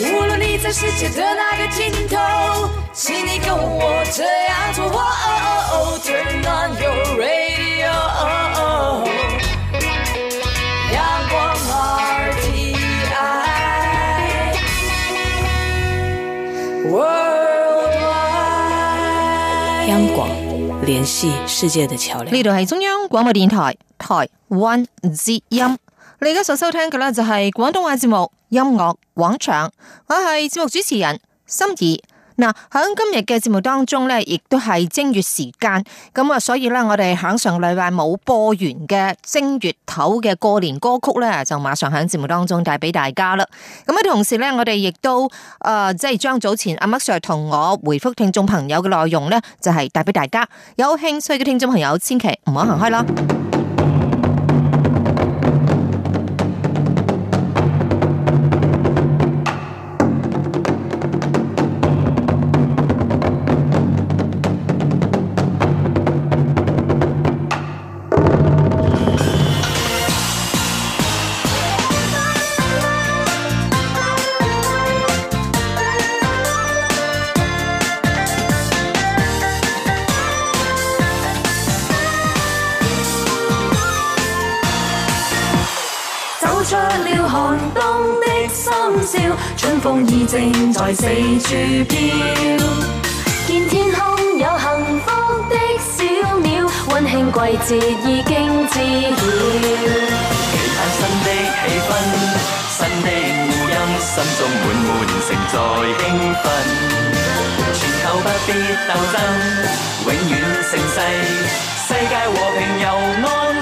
無論你在世界的哪個盡頭，請你跟我這樣做，turn on your radio。World wide, 央廣聯繫世界的橋梁，呢度係中央廣播電台台灣之音。你而家所收聽嘅呢，就係廣東話節目《音樂廣場》，我係節目主持人心儀。嗱，喺、嗯、今日嘅節目當中咧，亦都係正月時間，咁啊，所以咧，我哋喺上禮拜冇播完嘅正月頭嘅過年歌曲咧，就馬上喺節目當中帶俾大家啦。咁、嗯、啊，同時咧，我哋亦都誒、呃，即係將早前阿 m 麥 Sir 同我回覆聽眾朋友嘅內容咧，就係帶俾大家。有興趣嘅聽眾朋友，千祈唔好行開啦。風已正在四處飄，見天空有幸福的小鳥，溫馨季節已經知曉。期盼新的氣氛，新的福音，心中滿滿承載興奮。全球不必鬥爭，永遠盛世，世界和平又安。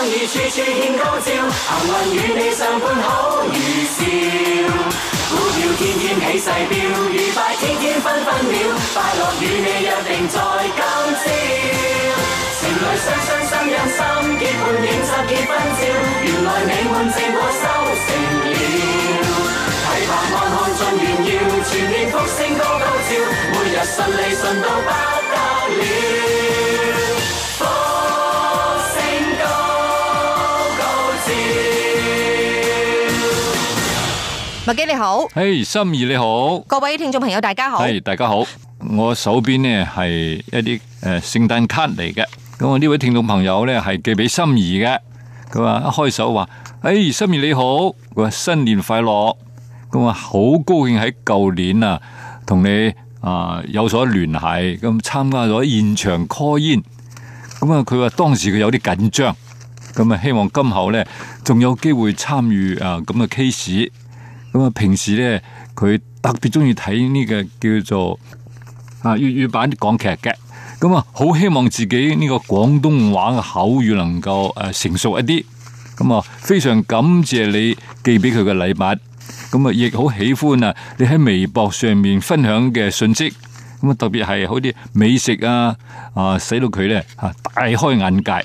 生意處處現高照，幸運與你相伴好如笑。股票天天起勢飆，愉快天天分分秒，快樂與你約定在今朝。情侶雙雙心印心，結伴，影集結婚照，原來美滿自我修成了。睇下安康盡炫耀，全面福星高高照，每日順利順到不得了。阿基 Hey, 你好，嘿，心怡你好，各位聽眾朋友大家好，係、hey, 大家好。我手邊呢係一啲誒聖誕卡嚟嘅，咁啊呢位聽眾朋友咧係寄俾心怡嘅，佢話一開手話，誒、hey，心怡你好，佢話新年快樂，咁啊好高興喺舊年啊同你啊有所聯繫，咁參加咗現場 call in，咁啊佢話當時佢有啲緊張，咁啊希望今後咧仲有機會參與啊咁嘅 case。咁啊，平時咧，佢特別中意睇呢個叫做啊粵語版港劇嘅，咁啊，好希望自己呢個廣東話嘅口語能夠誒成熟一啲。咁啊，非常感謝你寄俾佢嘅禮物，咁啊，亦好喜歡啊，你喺微博上面分享嘅信息，咁啊，特別係好啲美食啊，啊，使到佢咧嚇大開眼界。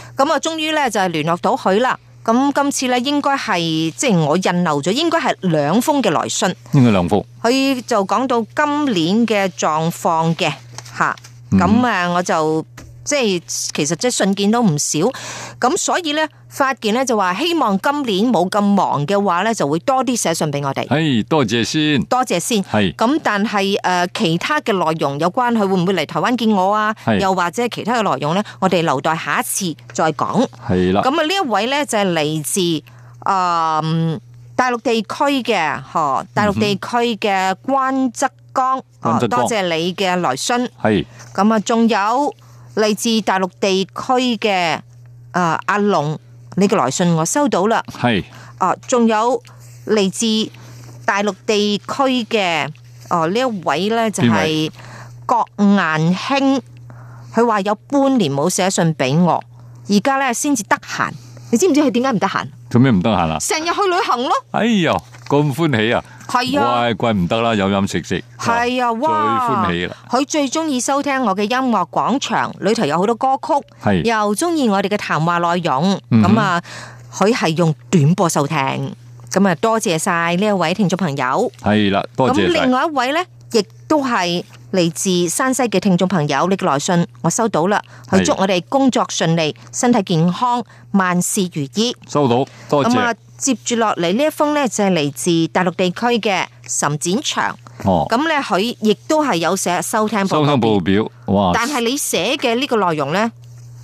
咁啊，我終於咧就係聯絡到佢啦。咁今次咧應該係即係我印漏咗，應該係兩封嘅來信。應該兩封。佢就講到今年嘅狀況嘅吓，咁、嗯、啊我就。即係其實即係信件都唔少，咁所以咧，發件咧就話希望今年冇咁忙嘅話咧，就會多啲寫信俾我哋。誒，多謝先，多謝先。係咁，但係誒其他嘅內容有關佢會唔會嚟台灣見我啊？又或者其他嘅內容咧，我哋留待下一次再講。係啦。咁啊，呢一位咧就係嚟自誒大陸地區嘅，嗬，大陸地區嘅關則剛。關則剛，多謝你嘅來信。係。咁啊，仲有。嚟自大陸地區嘅啊、呃、阿龍，你嘅來信我收到啦。係是，哦、呃，仲有嚟自大陸地區嘅哦，呢一位咧就係、是、位郭彥卿。佢話有半年冇寫信俾我，而家咧先至得閒，你知唔知佢點解唔得閒？做咩唔得閒啦，成日去旅行咯。哎呀，咁歡喜啊！係啊，怪怪唔得啦，有飲食食。係啊，哇，最歡喜啦！佢最中意收聽我嘅音樂廣場，裏頭有好多歌曲，又中意我哋嘅談話內容。咁啊，佢係用短波收聽。咁啊，多謝晒呢一位聽眾朋友。係啦，多謝。咁另外一位咧，亦都係。嚟自山西嘅聽眾朋友，你嘅來信我收到啦，佢祝我哋工作順利、身體健康、萬事如意。收到，多謝。咁啊，接住落嚟呢一封咧，就係嚟自大陸地區嘅岑展祥。哦，咁咧佢亦都係有寫收聽收聽報表，哇！但係你寫嘅呢個內容咧，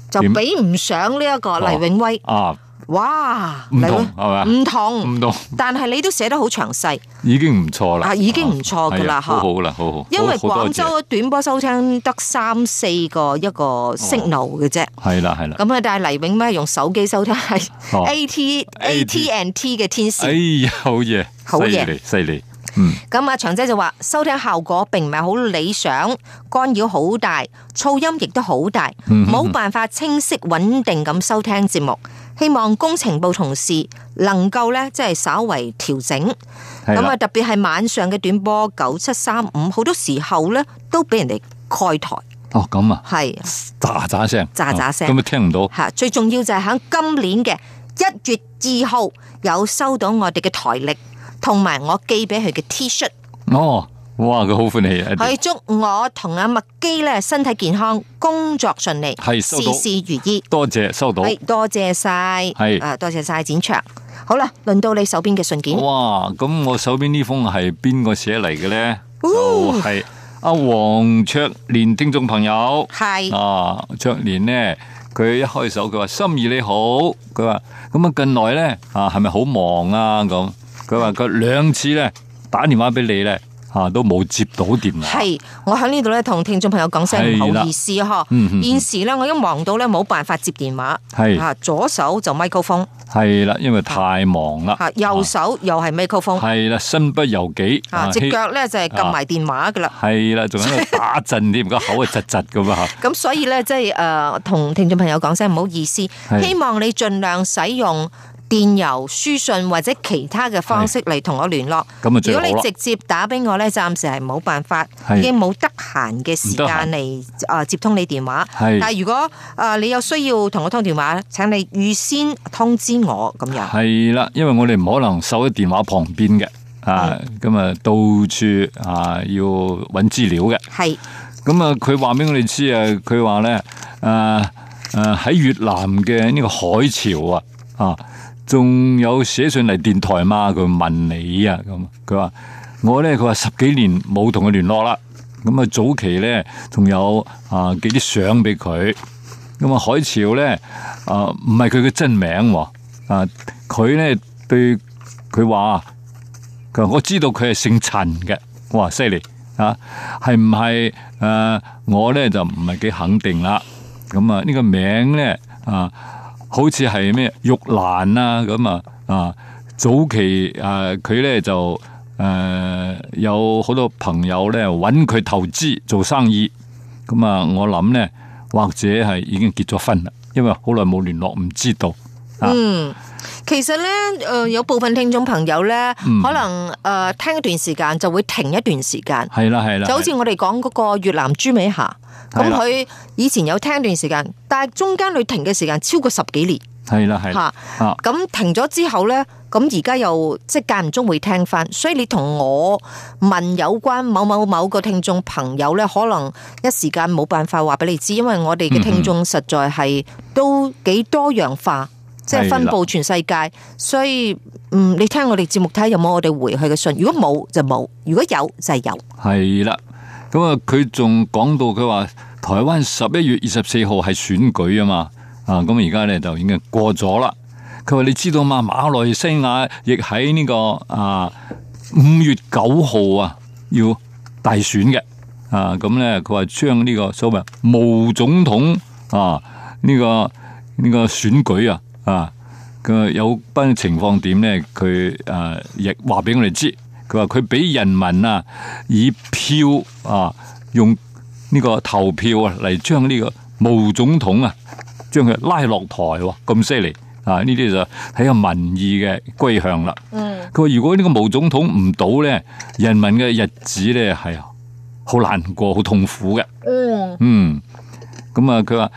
就比唔上呢一個黎永威啊。哇，唔同係嘛？唔同，唔同。但係你都寫得好詳細，已經唔錯啦。已經唔錯噶啦，好好啦，好好。因為廣州短波收聽得三四個一個 signal 嘅啫，係啦，係啦。咁啊，但係黎永咩用手機收聽係 AT AT and T 嘅天使。哎好嘢，好嘢，犀利。咁阿長姐就話收聽效果並唔係好理想，干擾好大，噪音亦都好大，冇辦法清晰穩定咁收聽節目。希望工程部同事能夠咧，即係稍為調整。咁啊，特別係晚上嘅短波九七三五，好多時候咧都俾人哋蓋台。哦，咁啊，係喳喳聲，喳喳聲，咁啊聽唔到。吓，最重要就係喺今年嘅一月二號有收到我哋嘅台曆。同埋我寄俾佢嘅 T 恤哦，哇！佢好歡喜啊！佢祝我同阿麥基咧身體健康，工作順利，事事如意。多謝收到，係多謝晒，係啊，多謝晒展卓。好啦，輪到你手邊嘅信件。哇！咁我手邊呢封係邊個寫嚟嘅咧？就係阿黃卓蓮聽眾朋友，係啊，卓蓮咧，佢一開手佢話心意你好，佢話咁啊，近來咧啊，係咪好忙啊咁？佢話佢兩次咧打電話俾你咧，吓都冇接到電話。係我喺呢度咧同聽眾朋友講聲唔好意思呵。現時咧我已經忙到咧冇辦法接電話。係啊左手就咪高峰。係啦，因為太忙啦。啊右手又係咪高峰。係啦，身不由己。啊隻腳咧就係撳埋電話噶啦。係啦，仲喺度打震添，個口係窒窒噶嘛。咁所以咧即係誒同聽眾朋友講聲唔好意思，希望你盡量使用。電郵、書信或者其他嘅方式嚟同我聯絡。如果你直接打俾我咧，暫時係冇辦法，是已經冇得閒嘅時間嚟行啊接通你電話。是但係如果啊、呃、你有需要同我通電話，請你預先通知我咁樣。係啦，因為我哋唔可能守喺電話旁邊嘅啊，咁啊的到處啊要揾資料嘅。係咁啊，佢話俾我哋知啊，佢話咧啊啊喺越南嘅呢個海潮啊啊。仲有寫信嚟電台嘛？佢問你啊，咁佢話我咧，佢話十幾年冇同佢聯絡啦。咁啊，早期咧仲有啊寄啲相俾佢。咁啊，海潮咧啊唔係佢嘅真名喎。啊，佢咧、啊啊、對佢話佢，話我知道佢係姓陳嘅、啊啊。哇犀利啊，係唔係誒？我咧就唔係幾肯定啦。咁啊，呢個名咧啊。好似係咩玉蘭啊咁啊啊！早期誒，佢、呃、咧就誒、呃、有好多朋友咧揾佢投資做生意咁啊。我諗咧，或者係已經結咗婚啦，因為好耐冇聯絡，唔知道。嗯，其實咧，誒、呃，有部分聽眾朋友咧，嗯、可能誒、呃、聽一段時間就會停一段時間，係啦係啦，是就好似我哋講嗰個越南朱美霞，咁佢的以前有聽一段時間，的但係中間佢停嘅時間超過十幾年，係啦係吓，咁、啊、停咗之後咧，咁而家又即係間唔中會聽返，所以你同我問有關某某某個聽眾朋友咧，可能一時間冇辦法話俾你知，因為我哋嘅聽眾實在係都幾多樣化。嗯即係分佈全世界，的所以嗯，你聽我哋節目睇有冇我哋回去嘅信，如果冇就冇，如果有就係有。係啦，咁啊，佢仲講到佢話台灣十一月二十四號係選舉啊嘛，啊咁而家咧就已經過咗啦。佢話你知道嘛？馬來西亞亦喺呢個啊五月九號啊要大選嘅，啊咁咧佢話將呢個所謂無總統啊呢個呢個選舉啊。啊，佢有班情況點咧？佢誒、啊，亦話俾我哋知。佢話佢俾人民啊，以票啊，用呢個投票啊，嚟將呢個毛總統啊，將佢拉落台喎，咁犀利啊！呢啲就睇個民意嘅歸向啦。嗯，佢話如果呢個毛總統唔倒咧，人民嘅日子咧係好難過、好痛苦嘅。嗯，嗯，咁、嗯、啊，佢話。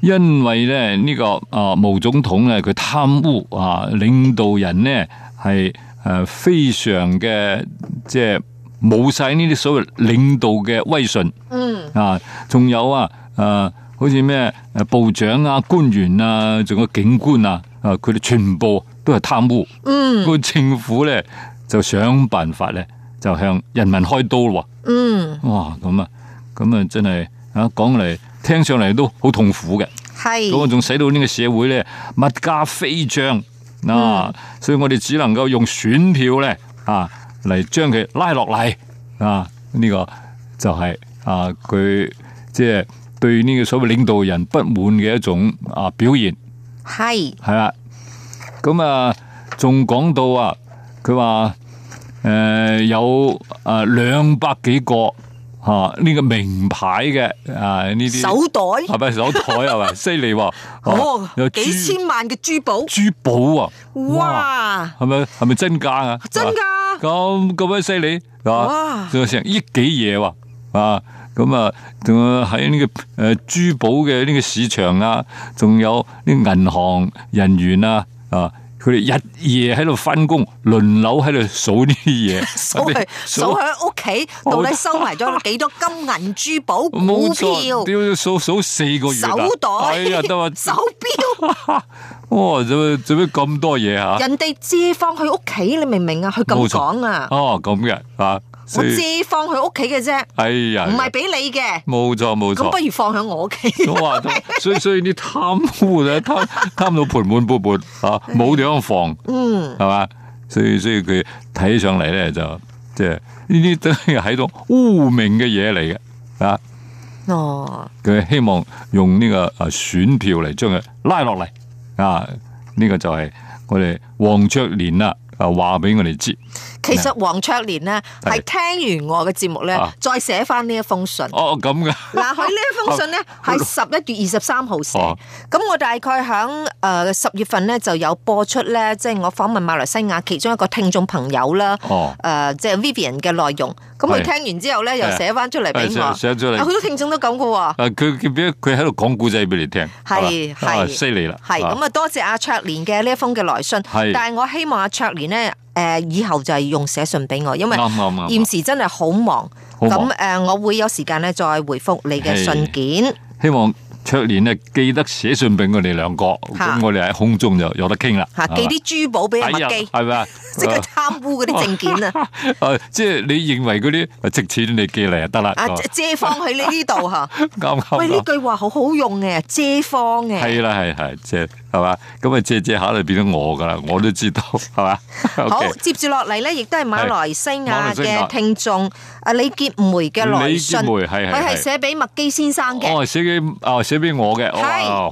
因為咧呢個，啊毛總統咧佢貪污啊領導人呢係誒非常嘅，即係冇晒呢啲所謂領導嘅威信，嗯啊仲有啊誒好似咩誒部長啊官員啊仲有警官啊啊佢哋全部都係貪污，嗯個政府咧就想辦法咧就向人民開刀咯，嗯哇咁啊咁啊真係啊講嚟。聽上嚟都好痛苦嘅，咁我仲使到呢個社會咧物價飛漲嗱、嗯啊，所以我哋只能夠用選票咧啊嚟將佢拉落嚟啊，呢、呢個就係、是、啊佢即係對呢個所謂領導人不滿嘅一種啊表現，係係啦，咁啊仲講到啊，佢話誒有誒兩、啊、百幾個。哦，呢、啊這個名牌嘅啊，呢啲手袋係咪手袋係咪？犀利、 啊、哦，有珠幾千萬嘅珠寶，珠寶啊，哇，係咪係咪真價啊？真價咁咁鬼犀利啊！啊哇，仲有成億幾嘢哇啊！咁啊，仲有喺呢個誒珠寶嘅呢個市場啊，仲有啲銀行人員啊啊。佢哋日夜喺度翻工，輪流喺度數呢啲嘢，數去數喺屋企到底收埋咗幾多金銀珠寶、股票，屌，數數四個月啦，手袋、手表，哇，做咩做咩咁多嘢啊？人哋置放喺屋企，你明唔明啊？佢咁講啊？哦，咁嘅啊。我借放佢屋企嘅啫，哎呀，唔係俾你嘅，冇錯冇錯，咁不如放喺我屋企。咁話所以所以啲貪污咧貪貪到盆滿缽滿啊，冇地方放，嗯，係嘛，所以所以佢睇、啊嗯、上嚟咧就即係呢啲都係一種污名嘅嘢嚟嘅啊。哦，佢希望用呢個啊選票嚟將佢拉落嚟啊，呢、這個就係我哋黃卓蓮啦啊話俾我哋知。其實黃卓蓮咧係聽完我嘅節目咧，再寫翻呢一封信。啊、哦，咁嘅。嗱，喺呢一封信咧，係十一月二十三號寫。咁、啊、我大概響誒十月份咧就有播出咧，即、就、係、是、我訪問馬來西亞其中一個聽眾朋友啦。誒、啊，即係、呃就是、Vivian 嘅內容。咁佢聽完之後咧，又寫翻出嚟俾我。寫出嚟，好多聽眾都咁噶喎。佢佢喺度講故仔俾你聽。係係犀利啦。係咁啊，多謝阿卓蓮嘅呢一封嘅來信。係。但係我希望阿卓蓮咧，誒，以後就係用寫信俾我，因為現時真係好忙。咁誒，我會有時間咧，再回復你嘅信件。希望。出年咧記得寫信俾我哋兩個，咁我哋喺空中就有得傾啦。吓，寄啲珠寶俾麥基，係咪啊？即係貪污嗰啲證件啊？即係你認為嗰啲值錢，你寄嚟就得啦，借方喺你呢度吓，喂，呢句話好好用嘅，借方嘅。係啦係係借，係嘛？咁啊借借下就變咗我噶啦，我都知道，係嘛？好，接住落嚟咧，亦都係馬來西亞嘅聽眾，誒李杰梅嘅來信，李杰梅係佢係寫俾麥基先生嘅。我寫寫。俾我嘅，好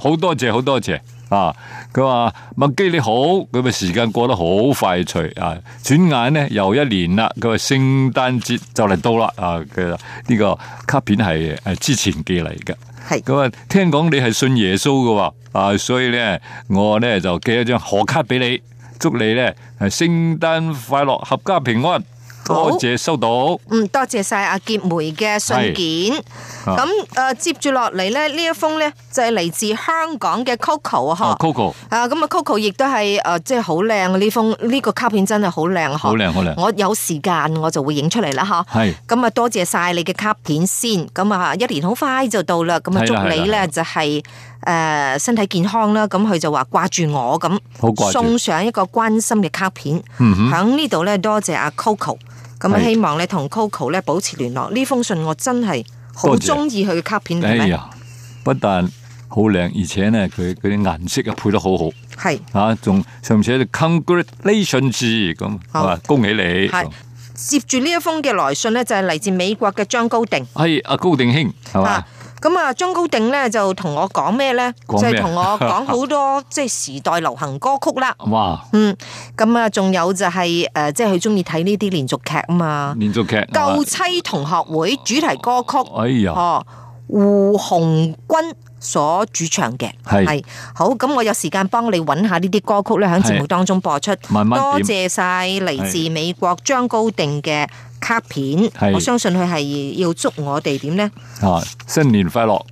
是多謝好多謝啊！佢話麥基你好，咁啊時間過得好快脆啊，轉眼呢又一年啦。佢話聖誕節就嚟到啦啊！佢、這、呢個卡片係誒之前寄嚟嘅，咁啊是聽講你係信耶穌嘅喎啊，所以呢我呢就寄一張賀卡俾你，祝你呢係聖誕快樂，闔家平安。多謝收到。嗯，多謝晒阿杰梅嘅信件。咁誒是、呃，接住落嚟咧，呢一封咧就係、是、嚟自香港嘅 Coco、哦、哈啊，嗬。Coco a. 啊，咁啊，Coco 亦都係誒，即係好靚。呢封呢、呢個卡片真係好靚，好靚，好靚。我有時間我就會影出嚟啦，嗬是。係。咁啊，多謝晒你嘅卡片先。咁啊，一年好快就到啦。咁啊，祝你咧就係、是、誒、呃、身體健康啦。咁佢就話掛住我咁，送上一個關心嘅卡片。嗯喺呢度咧，多謝阿、啊、Coco。咁希望你同 Coco 咧保持聯絡。呢封信我真係好中意佢嘅卡片嚟，哎，不但好靚，而且呢，佢啲顏色啊配得好好。係吓，仲甚至 congratulations 咁啊，好恭喜你。接住呢一封嘅來信呢，就係嚟自美國嘅張高定。係阿、啊、高定兄係嘛？咁啊，張高定咧就同我講咩咧？就係同我講好多即係時代流行歌曲啦。哇！嗯，咁啊，仲有就係誒，即係佢中意睇呢啲連續劇啊嘛。連續劇《舊妻同學會》主題歌曲。哎呀！哦，胡紅君。所主唱嘅係好，咁我有時間幫你揾下呢啲歌曲咧，喺節目當中播出。慢慢。多謝晒嚟自美國張高定嘅卡片，我相信佢係要祝我哋點咧？哦，新年快樂，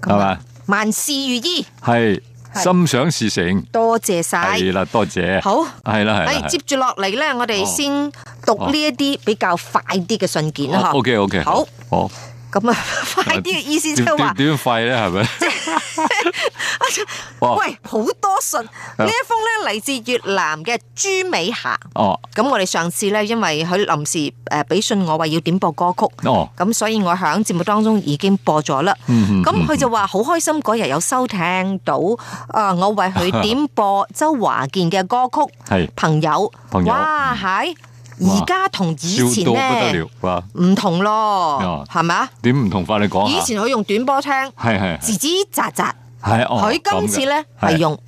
係嘛？萬事如意，係心想事成。多謝晒，係啦，多謝。好係啦，係啦。接住落嚟咧，我哋先讀呢一啲比較快啲嘅信件啦。吓，OK，OK，好。咁啊，快啲嘅意思就係話，點廢咧係咪？是是 喂，好哇 多信，呢哇 一封咧嚟自越南嘅朱美霞。哦，咁我哋上次咧，因為佢臨時誒俾信我話要點播歌曲。哦，咁所以我響節目當中已經播咗啦。咁佢、嗯嗯嗯、就話好開心嗰日有收聽到，啊，我為佢點播周華健嘅歌曲。係，是 朋友，朋友哇，係。而家同以前咧唔同咯，係咪啊？點唔同法？你講。以前佢用短波聽，係係嘰嘰喳喳。係佢今次咧係用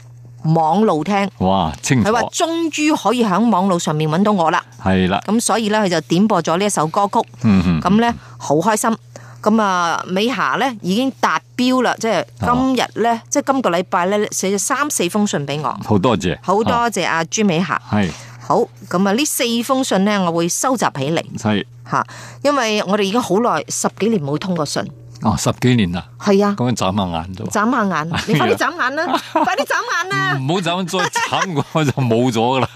網路聽。哇，清楚！佢話終於可以喺網路上面搵到我啦。係啦，咁所以咧佢就點播咗呢一首歌曲。嗯嗯。咁咧好開心。咁啊，美霞咧已經達標啦，即係今日咧，即係今個禮拜咧寫咗三四封信俾我。好多謝。好多謝阿朱美霞。係。好，咁啊，呢四封信咧，我會收集起嚟。係吓，因為我哋已經好耐，十幾年冇通過信。哦，十幾年啦。係啊。咁樣眨下眼都。眨下眼，你快啲眨眼啦！快啲眨眼啦！唔好眨，再眨我就冇咗噶啦。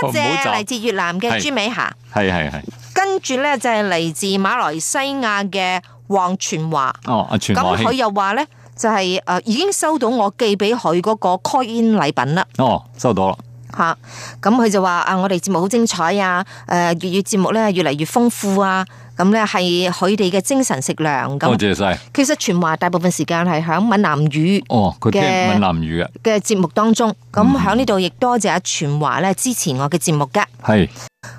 多謝嚟自越南嘅朱美霞。係係係。跟住咧就係嚟自馬來西亞嘅黃全華。哦，阿全華。咁佢又話咧，就係誒已經收到我寄俾佢嗰個 coin 禮品啦。哦，收到啦。吓，咁佢就話啊，我哋節目好精彩啊！誒、呃，粵語節目咧越嚟越豐富啊！咁咧係佢哋嘅精神食糧咁。多、嗯、謝晒。其實全華大部分時間係響閩南語哦，佢聽閩南語嘅嘅節目當中，咁、嗯、喺呢度亦多謝阿全華咧支持我嘅節目嘅係是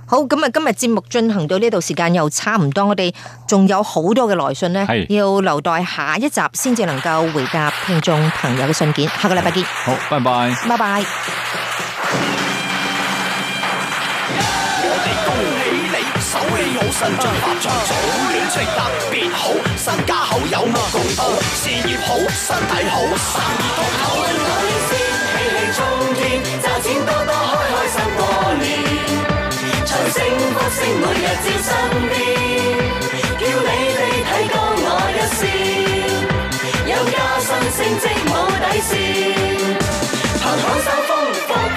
好咁啊，嗯！今日節目進行到呢度時間又差唔多，我哋仲有好多嘅來信呢是要留待下一集先至能夠回答聽眾朋友嘅信件。下個禮拜見。好，拜拜，拜拜。Bye bye 我哋恭喜你，手氣好，身， 春發財早，運最特別好，身家好有目共睹，事業好，身體好，生意好，女先喜氣沖天，賺錢多多開開心過年，財星高升每日照身邊，叫你哋睇多我一線，有加薪升職冇底線，憑好手。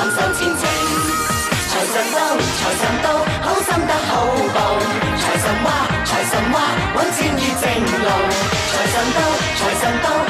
財神到，財神到，好心得好報。財神話，財神話，搵錢依正路。財神到，財神到。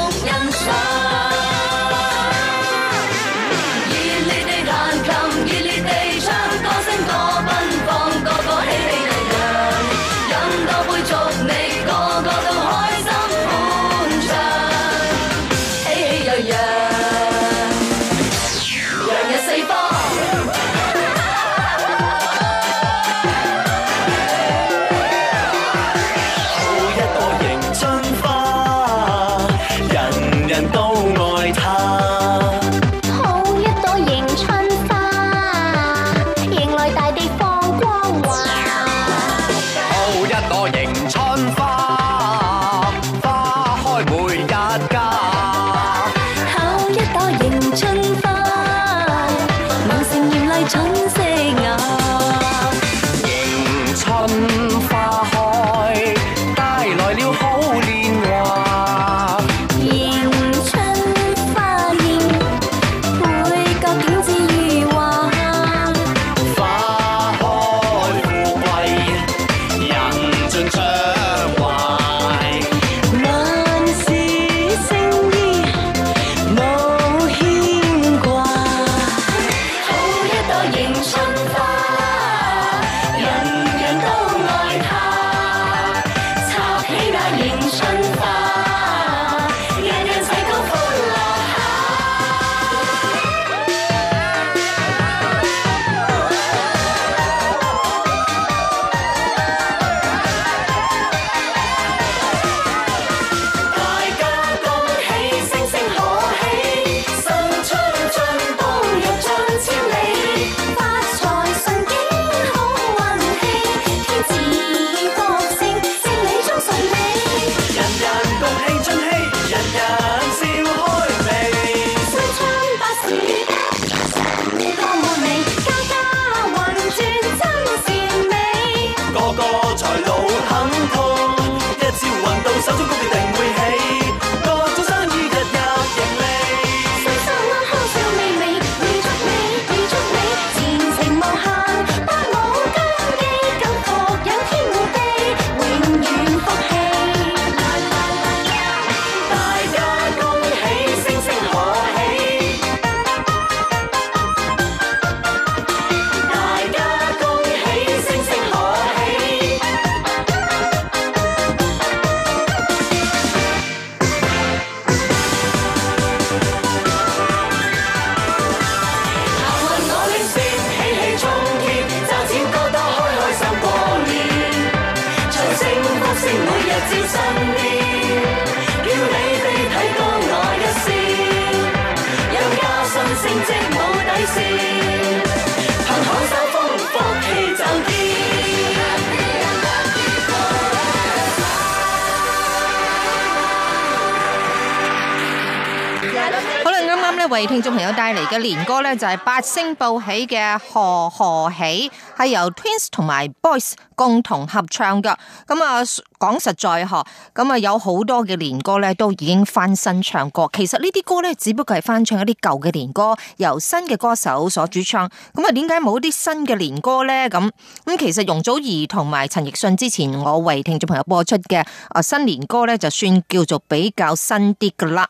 嘅年歌咧，就係、是、八星報喜嘅何何喜，係由 Twins 同埋 Boys 共同合唱嘅。咁啊，講實在嗬，咁啊有好多嘅年歌咧，都已經翻新唱過。其實呢啲歌咧，只不過係翻唱一啲舊嘅年歌，由新嘅歌手所主唱。咁啊，點解冇一啲新嘅年歌咧？咁咁其實容祖兒同埋陳奕迅之前我為聽眾朋友播出嘅啊新年歌咧，就算叫做比較新啲噶啦。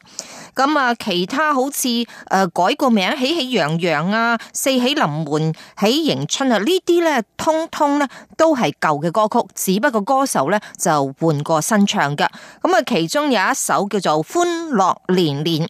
咁啊，其他好似誒、呃、改個名，喜喜洋洋啊，四喜臨門，喜迎春啊，呢啲呢，通通呢都係舊嘅歌曲，只不過歌手呢就換過新唱嘅。咁啊，其中有一首叫做《歡樂年年》。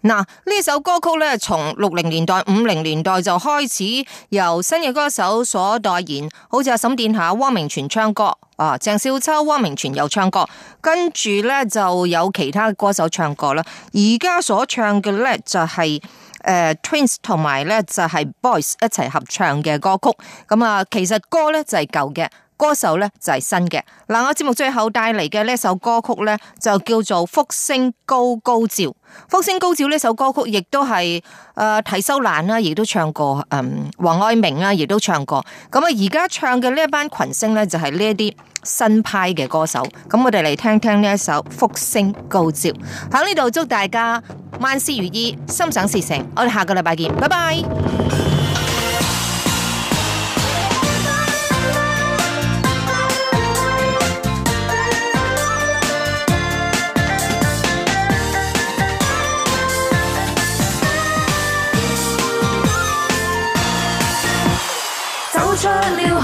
嗱，呢首歌曲呢，從六零年代、五零年代就開始由新嘅歌手所代言，好似阿沈殿霞、汪明荃唱歌。啊！鄭少秋、汪明荃又唱過，跟住咧就有其他歌手唱過啦。而家所唱嘅咧就係、是、誒、呃、Twins 同埋咧就係、是、Boys 一齊合唱嘅歌曲。咁、嗯、啊，其實歌咧就係舊嘅。歌手呢就係、是、新嘅，嗱我節目最後帶嚟嘅呢首歌曲呢，就叫做《福星高高照》。《福星高照》呢首歌曲亦都係誒，提、呃、修蘭啦、啊，亦都唱過，嗯，王愛明啦、啊，亦都唱過。咁啊，而家唱嘅呢一班群，群星呢，就係呢一啲新派嘅歌手。咁我哋嚟聽聽呢一首《福星高照》。喺呢度祝大家萬事如意，心想事成。我哋下個禮拜見，拜拜。